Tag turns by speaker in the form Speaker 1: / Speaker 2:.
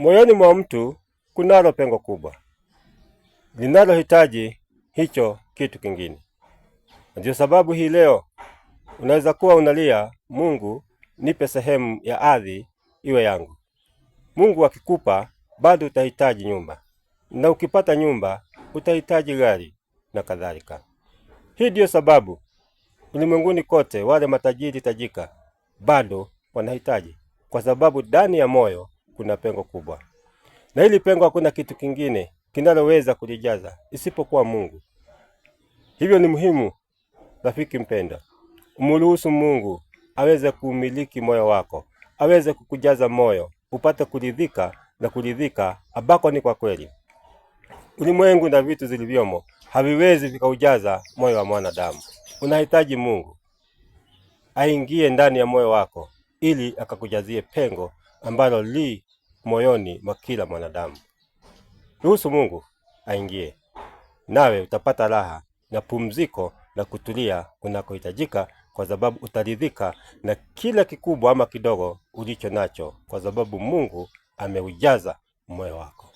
Speaker 1: Moyoni mwa mtu kunalo pengo kubwa linalohitaji hicho kitu kingine. Ndio sababu hii leo unaweza kuwa unalia, Mungu nipe sehemu ya ardhi iwe yangu. Mungu akikupa, bado utahitaji nyumba, na ukipata nyumba utahitaji gari na kadhalika. Hii ndiyo sababu ulimwenguni kote wale matajiri tajika bado wanahitaji, kwa sababu ndani ya moyo kuna pengo kubwa, na hili pengo hakuna kitu kingine kinaloweza kulijaza isipokuwa Mungu. Hivyo ni muhimu, rafiki mpenda, umruhusu Mungu aweze kuumiliki moyo wako, aweze kukujaza moyo upate kuridhika na kuridhika ambako ni kwa kweli. Ulimwengu na vitu zilivyomo haviwezi vikaujaza moyo wa mwanadamu. Unahitaji Mungu aingie ndani ya moyo wako ili akakujazie pengo ambalo li moyoni mwa kila mwanadamu. Ruhusu Mungu aingie, nawe utapata raha na pumziko na kutulia kunakohitajika, kwa sababu utaridhika na kila kikubwa ama kidogo ulicho nacho, kwa sababu Mungu ameujaza moyo wako.